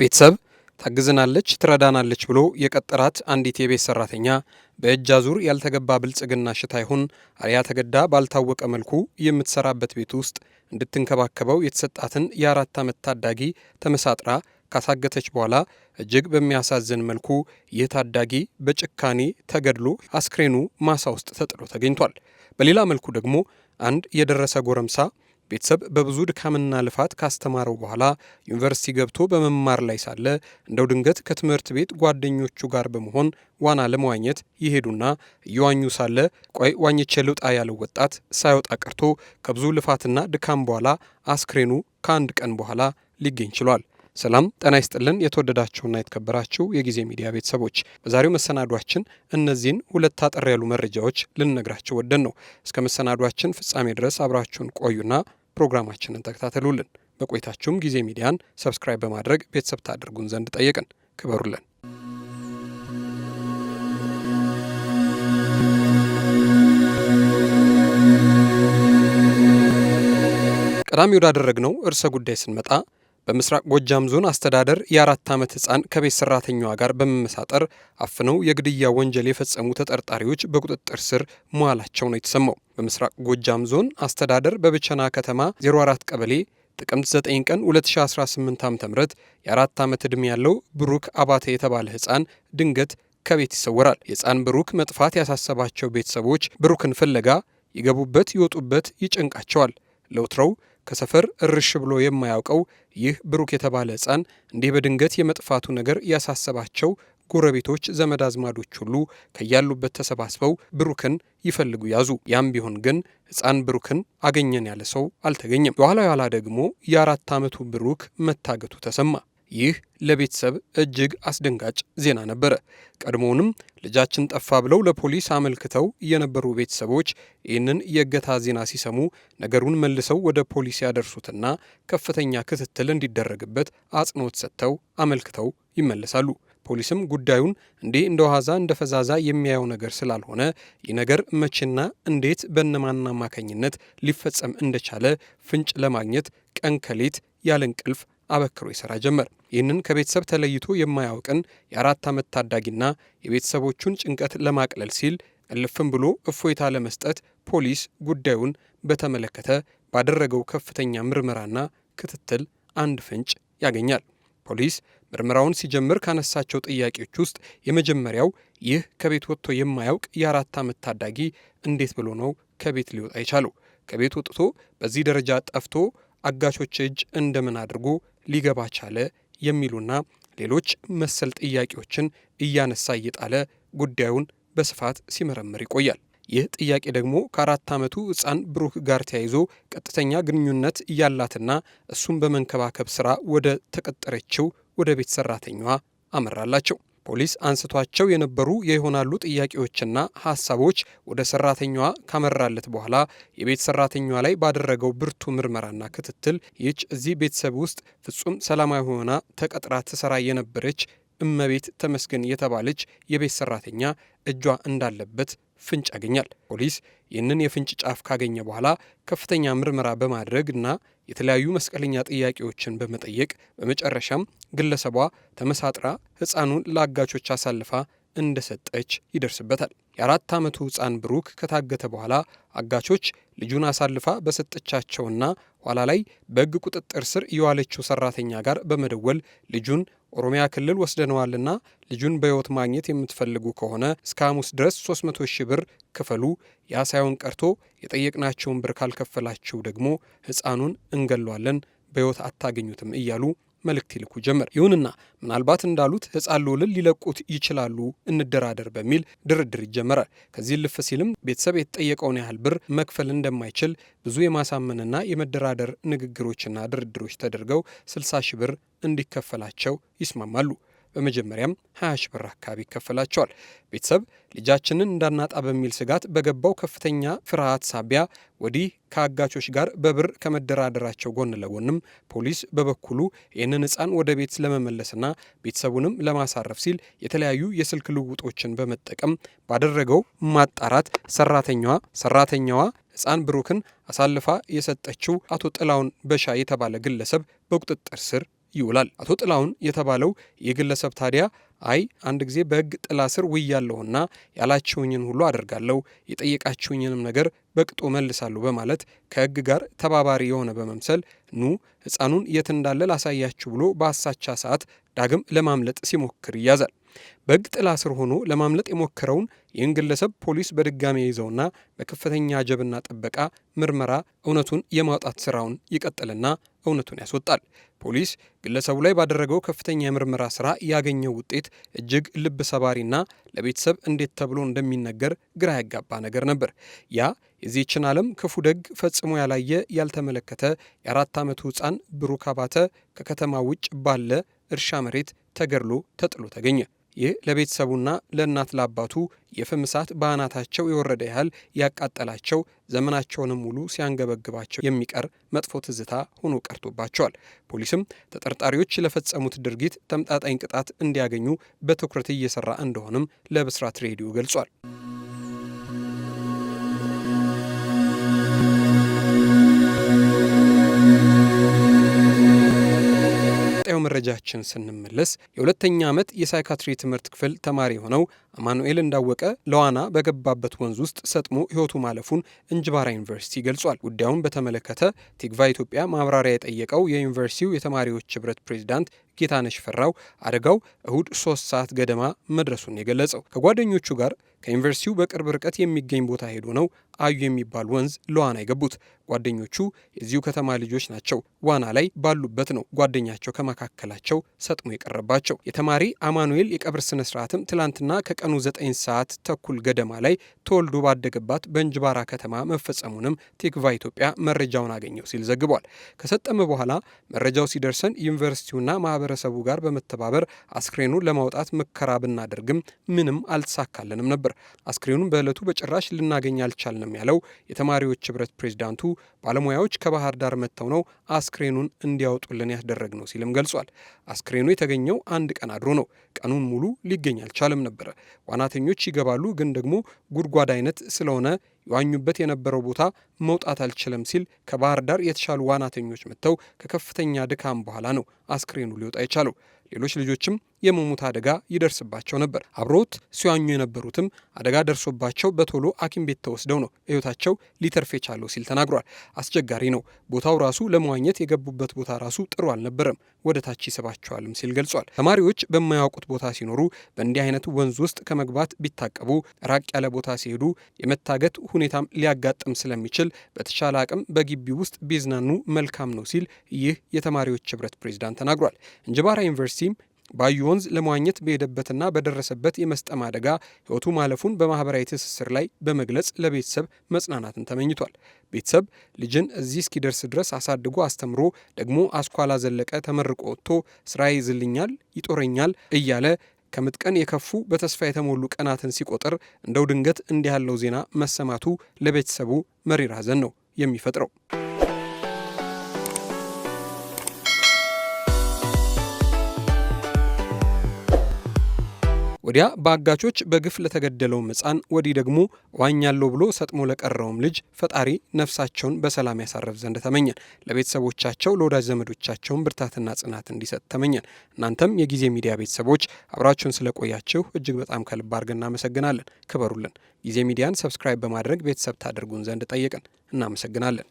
ቤተሰብ ታግዘናለች፣ ትረዳናለች ብሎ የቀጠራት አንዲት የቤት ሰራተኛ በእጅ አዙር ያልተገባ ብልጽግና ሽታ ይሁን አሊያ ተገዳ ባልታወቀ መልኩ የምትሰራበት ቤት ውስጥ እንድትንከባከበው የተሰጣትን የአራት ዓመት ታዳጊ ተመሳጥራ ካሳገተች በኋላ እጅግ በሚያሳዝን መልኩ ይህ ታዳጊ በጭካኔ ተገድሎ አስክሬኑ ማሳ ውስጥ ተጥሎ ተገኝቷል። በሌላ መልኩ ደግሞ አንድ የደረሰ ጎረምሳ ቤተሰብ በብዙ ድካምና ልፋት ካስተማረው በኋላ ዩኒቨርሲቲ ገብቶ በመማር ላይ ሳለ እንደው ድንገት ከትምህርት ቤት ጓደኞቹ ጋር በመሆን ዋና ለመዋኘት ይሄዱና እየዋኙ ሳለ ቆይ ዋኝቼ ልውጣ ያለው ወጣት ሳይወጣ ቀርቶ ከብዙ ልፋትና ድካም በኋላ አስክሬኑ ከአንድ ቀን በኋላ ሊገኝ ችሏል። ሰላም ጤና ይስጥልን። የተወደዳችሁና የተከበራችሁ የጊዜ ሚዲያ ቤተሰቦች በዛሬው መሰናዷችን እነዚህን ሁለት አጠር ያሉ መረጃዎች ልንነግራቸው ወደን ነው። እስከ መሰናዷችን ፍጻሜ ድረስ አብራችሁን ቆዩና ፕሮግራማችንን ተከታተሉልን። በቆይታችሁም ጊዜ ሚዲያን ሰብስክራይብ በማድረግ ቤተሰብ ታደርጉን ዘንድ ጠየቅን። ክበሩልን። ቀዳሚ ወዳደረግነው እርሰ ጉዳይ ስንመጣ በምስራቅ ጎጃም ዞን አስተዳደር የአራት ዓመት ሕፃን ከቤት ሰራተኛዋ ጋር በመመሳጠር አፍነው የግድያ ወንጀል የፈጸሙ ተጠርጣሪዎች በቁጥጥር ስር መዋላቸው ነው የተሰማው። በምስራቅ ጎጃም ዞን አስተዳደር በብቸና ከተማ 04 ቀበሌ ጥቅምት 9 ቀን 2018 ዓ ም የአራት ዓመት ዕድሜ ያለው ብሩክ አባተ የተባለ ሕፃን ድንገት ከቤት ይሰወራል። የሕፃን ብሩክ መጥፋት ያሳሰባቸው ቤተሰቦች ብሩክን ፍለጋ ይገቡበት ይወጡበት ይጨንቃቸዋል። ለውትረው ከሰፈር እርሽ ብሎ የማያውቀው ይህ ብሩክ የተባለ ህፃን እንዲህ በድንገት የመጥፋቱ ነገር ያሳሰባቸው ጎረቤቶች፣ ዘመድ አዝማዶች ሁሉ ከያሉበት ተሰባስበው ብሩክን ይፈልጉ ያዙ። ያም ቢሆን ግን ህፃን ብሩክን አገኘን ያለ ሰው አልተገኘም። የኋላ ኋላ ደግሞ የአራት ዓመቱ ብሩክ መታገቱ ተሰማ። ይህ ለቤተሰብ እጅግ አስደንጋጭ ዜና ነበረ። ቀድሞውንም ልጃችን ጠፋ ብለው ለፖሊስ አመልክተው የነበሩ ቤተሰቦች ይህንን የእገታ ዜና ሲሰሙ ነገሩን መልሰው ወደ ፖሊስ ያደርሱትና ከፍተኛ ክትትል እንዲደረግበት አጽንኦት ሰጥተው አመልክተው ይመለሳሉ። ፖሊስም ጉዳዩን እንዲህ እንደ ዋዛ እንደ ፈዛዛ የሚያየው ነገር ስላልሆነ ይህ ነገር መቼና እንዴት በእነማን አማካኝነት ሊፈጸም እንደቻለ ፍንጭ ለማግኘት ቀን ከሌት ያለ እንቅልፍ አበክሮ ይሰራ ጀመር። ይህንን ከቤተሰብ ተለይቶ የማያውቅን የአራት ዓመት ታዳጊና የቤተሰቦቹን ጭንቀት ለማቅለል ሲል እልፍም ብሎ እፎይታ ለመስጠት ፖሊስ ጉዳዩን በተመለከተ ባደረገው ከፍተኛ ምርመራና ክትትል አንድ ፍንጭ ያገኛል። ፖሊስ ምርመራውን ሲጀምር ካነሳቸው ጥያቄዎች ውስጥ የመጀመሪያው ይህ ከቤት ወጥቶ የማያውቅ የአራት ዓመት ታዳጊ እንዴት ብሎ ነው ከቤት ሊወጣ የቻለው? ከቤት ወጥቶ በዚህ ደረጃ ጠፍቶ አጋቾች እጅ እንደምን አድርጎ ሊገባ ቻለ የሚሉና ሌሎች መሰል ጥያቄዎችን እያነሳ እየጣለ ጉዳዩን በስፋት ሲመረምር ይቆያል። ይህ ጥያቄ ደግሞ ከአራት ዓመቱ ሕፃን ብሩክ ጋር ተያይዞ ቀጥተኛ ግንኙነት እያላትና እሱን በመንከባከብ ሥራ ወደ ተቀጠረችው ወደ ቤት ሰራተኛዋ አመራላቸው። ፖሊስ አንስቷቸው የነበሩ የይሆናሉ ጥያቄዎችና ሀሳቦች ወደ ሰራተኛዋ ካመራለት በኋላ የቤት ሰራተኛዋ ላይ ባደረገው ብርቱ ምርመራና ክትትል ይህች እዚህ ቤተሰብ ውስጥ ፍጹም ሰላማዊ ሆና ተቀጥራ ትሰራ የነበረች እመቤት ተመስገን የተባለች የቤት ሰራተኛ እጇ እንዳለበት ፍንጭ ያገኛል። ፖሊስ ይህንን የፍንጭ ጫፍ ካገኘ በኋላ ከፍተኛ ምርመራ በማድረግ እና የተለያዩ መስቀለኛ ጥያቄዎችን በመጠየቅ በመጨረሻም ግለሰቧ ተመሳጥራ ሕፃኑን ለአጋቾች አሳልፋ እንደሰጠች ይደርስበታል። የአራት ዓመቱ ሕፃን ብሩክ ከታገተ በኋላ አጋቾች ልጁን አሳልፋ በሰጠቻቸውና ኋላ ላይ በሕግ ቁጥጥር ስር የዋለችው ሰራተኛ ጋር በመደወል ልጁን ኦሮሚያ ክልል ወስደነዋልና ልጁን በሕይወት ማግኘት የምትፈልጉ ከሆነ እስከ ሐሙስ ድረስ 300 ሺህ ብር ክፈሉ። ያ ሳይሆን ቀርቶ የጠየቅናቸውን ብር ካልከፈላችሁ ደግሞ ሕፃኑን እንገሏለን፣ በሕይወት አታገኙትም እያሉ መልእክት ይልኩ ጀመር። ይሁንና ምናልባት እንዳሉት ህፃን ልዑልን ሊለቁት ይችላሉ፣ እንደራደር በሚል ድርድር ይጀመራል። ከዚህ ልፍ ሲልም ቤተሰብ የተጠየቀውን ያህል ብር መክፈል እንደማይችል ብዙ የማሳመንና የመደራደር ንግግሮችና ድርድሮች ተደርገው 60 ሺ ብር እንዲከፈላቸው ይስማማሉ። በመጀመሪያም 20 ብር አካባቢ ይከፈላቸዋል። ቤተሰብ ልጃችንን እንዳናጣ በሚል ስጋት በገባው ከፍተኛ ፍርሃት ሳቢያ ወዲህ ከአጋቾች ጋር በብር ከመደራደራቸው ጎን ለጎንም ፖሊስ በበኩሉ ይህንን ሕፃን ወደ ቤት ለመመለስና ቤተሰቡንም ለማሳረፍ ሲል የተለያዩ የስልክ ልውጦችን በመጠቀም ባደረገው ማጣራት ሰራተኛዋ ሰራተኛዋ ሕፃን ብሩክን አሳልፋ የሰጠችው አቶ ጥላውን በሻ የተባለ ግለሰብ በቁጥጥር ስር ይውላል። አቶ ጥላሁን የተባለው የግለሰብ ታዲያ አይ አንድ ጊዜ በህግ ጥላ ስር ውያለሁና ያላችሁኝን ሁሉ አደርጋለሁ የጠየቃችሁኝንም ነገር በቅጡ መልሳለሁ በማለት ከህግ ጋር ተባባሪ የሆነ በመምሰል ኑ ህፃኑን የት እንዳለ ላሳያችሁ ብሎ በአሳቻ ሰዓት ዳግም ለማምለጥ ሲሞክር ይያዛል። በህግ ጥላ ስር ሆኖ ለማምለጥ የሞከረውን ይህን ግለሰብ ፖሊስ በድጋሚ ይዘውና በከፍተኛ ጀብና ጥበቃ ምርመራ እውነቱን የማውጣት ስራውን ይቀጥልና እውነቱን ያስወጣል። ፖሊስ ግለሰቡ ላይ ባደረገው ከፍተኛ የምርመራ ስራ ያገኘው ውጤት እጅግ ልብ ሰባሪና ለቤተሰብ እንዴት ተብሎ እንደሚነገር ግራ ያጋባ ነገር ነበር። ያ የዚህችን ዓለም ክፉ ደግ ፈጽሞ ያላየ ያልተመለከተ የአራት ዓመቱ ሕፃን ብሩክ አባተ ከከተማ ውጭ ባለ እርሻ መሬት ተገድሎ ተጥሎ ተገኘ። ይህ ለቤተሰቡና ለእናት ለአባቱ የፍም እሳት በአናታቸው የወረደ ያህል ያቃጠላቸው ዘመናቸውንም ሙሉ ሲያንገበግባቸው የሚቀር መጥፎ ትዝታ ሆኖ ቀርቶባቸዋል። ፖሊስም ተጠርጣሪዎች ለፈጸሙት ድርጊት ተመጣጣኝ ቅጣት እንዲያገኙ በትኩረት እየሰራ እንደሆነም ለብስራት ሬዲዮ ገልጿል። መረጃችን ስንመለስ የሁለተኛ ዓመት የሳይካትሪ ትምህርት ክፍል ተማሪ የሆነው አማኑኤል እንዳወቀ ለዋና በገባበት ወንዝ ውስጥ ሰጥሞ ሕይወቱ ማለፉን እንጅባራ ዩኒቨርሲቲ ገልጿል። ጉዳዩን በተመለከተ ቲግቫ ኢትዮጵያ ማብራሪያ የጠየቀው የዩኒቨርሲቲው የተማሪዎች ህብረት ፕሬዚዳንት ጌታነሽ ፈራው አደጋው እሁድ ሶስት ሰዓት ገደማ መድረሱን የገለጸው ከጓደኞቹ ጋር ከዩኒቨርሲቲው በቅርብ ርቀት የሚገኝ ቦታ ሄዶ ነው አዩ የሚባል ወንዝ ለዋና የገቡት። ጓደኞቹ የዚሁ ከተማ ልጆች ናቸው። ዋና ላይ ባሉበት ነው ጓደኛቸው ከመካከላቸው ሰጥሞ የቀረባቸው። የተማሪ አማኑኤል የቀብር ስነ ስርዓትም ትላንትና ከቀኑ ዘጠኝ ሰዓት ተኩል ገደማ ላይ ተወልዶ ባደገባት በእንጅባራ ከተማ መፈጸሙንም ቲክቫ ኢትዮጵያ መረጃውን አገኘው ሲል ዘግቧል። ከሰጠመ በኋላ መረጃው ሲደርሰን ዩኒቨርሲቲውና ማህበር ከማህበረሰቡ ጋር በመተባበር አስክሬኑን ለማውጣት ሙከራ ብናደርግም ምንም አልተሳካልንም ነበር። አስክሬኑን በዕለቱ በጭራሽ ልናገኝ አልቻልንም ያለው የተማሪዎች ህብረት ፕሬዚዳንቱ ባለሙያዎች ከባህር ዳር መጥተው ነው አስክሬኑን እንዲያወጡልን ያስደረግ ነው ሲልም ገልጿል። አስክሬኑ የተገኘው አንድ ቀን አድሮ ነው። ቀኑን ሙሉ ሊገኝ አልቻለም ነበረ። ዋናተኞች ይገባሉ፣ ግን ደግሞ ጉድጓድ አይነት ስለሆነ የዋኙበት የነበረው ቦታ መውጣት አልችልም ሲል ከባህር ዳር የተሻሉ ዋናተኞች መጥተው ከከፍተኛ ድካም በኋላ ነው አስክሬኑ ሊወጣ የቻለው። ሌሎች ልጆችም የመሞት አደጋ ይደርስባቸው ነበር። አብሮት ሲዋኙ የነበሩትም አደጋ ደርሶባቸው በቶሎ ሐኪም ቤት ተወስደው ነው ሕይወታቸው ሊተርፍ የቻለው ሲል ተናግሯል። አስቸጋሪ ነው። ቦታው ራሱ ለመዋኘት የገቡበት ቦታ ራሱ ጥሩ አልነበረም፣ ወደ ታች ይስባቸዋልም ሲል ገልጿል። ተማሪዎች በማያውቁት ቦታ ሲኖሩ በእንዲህ አይነት ወንዝ ውስጥ ከመግባት ቢታቀቡ፣ ራቅ ያለ ቦታ ሲሄዱ የመታገት ሁኔታም ሊያጋጥም ስለሚችል በተሻለ አቅም በግቢ ውስጥ ቢዝናኑ መልካም ነው ሲል ይህ የተማሪዎች ህብረት ፕሬዚዳንት ተናግሯል። እንጅባራ ዩኒቨርሲቲ ዩኒቨርሲቲም ባዩ ወንዝ ለመዋኘት በሄደበትና በደረሰበት የመስጠም አደጋ ሕይወቱ ማለፉን በማህበራዊ ትስስር ላይ በመግለጽ ለቤተሰብ መጽናናትን ተመኝቷል። ቤተሰብ ልጅን እዚህ እስኪደርስ ድረስ አሳድጎ አስተምሮ ደግሞ አስኳላ ዘለቀ ተመርቆ ወጥቶ ስራ ይዝልኛል፣ ይጦረኛል እያለ ከምጥቀን የከፉ በተስፋ የተሞሉ ቀናትን ሲቆጥር እንደው ድንገት እንዲህ ያለው ዜና መሰማቱ ለቤተሰቡ መሪር ሐዘን ነው የሚፈጥረው። ወዲያ በአጋቾች በግፍ ለተገደለውም ሕፃን ወዲህ ደግሞ ዋኛለሁ ብሎ ሰጥሞ ለቀረውም ልጅ ፈጣሪ ነፍሳቸውን በሰላም ያሳረፍ ዘንድ ተመኘን። ለቤተሰቦቻቸው ለወዳጅ ዘመዶቻቸውን ብርታትና ጽናት እንዲሰጥ ተመኘን። እናንተም የጊዜ ሚዲያ ቤተሰቦች አብራችሁን ስለቆያችሁ እጅግ በጣም ከልብ አድርገን እናመሰግናለን። ክበሩልን። ጊዜ ሚዲያን ሰብስክራይብ በማድረግ ቤተሰብ ታደርጉን ዘንድ ጠየቅን። እናመሰግናለን።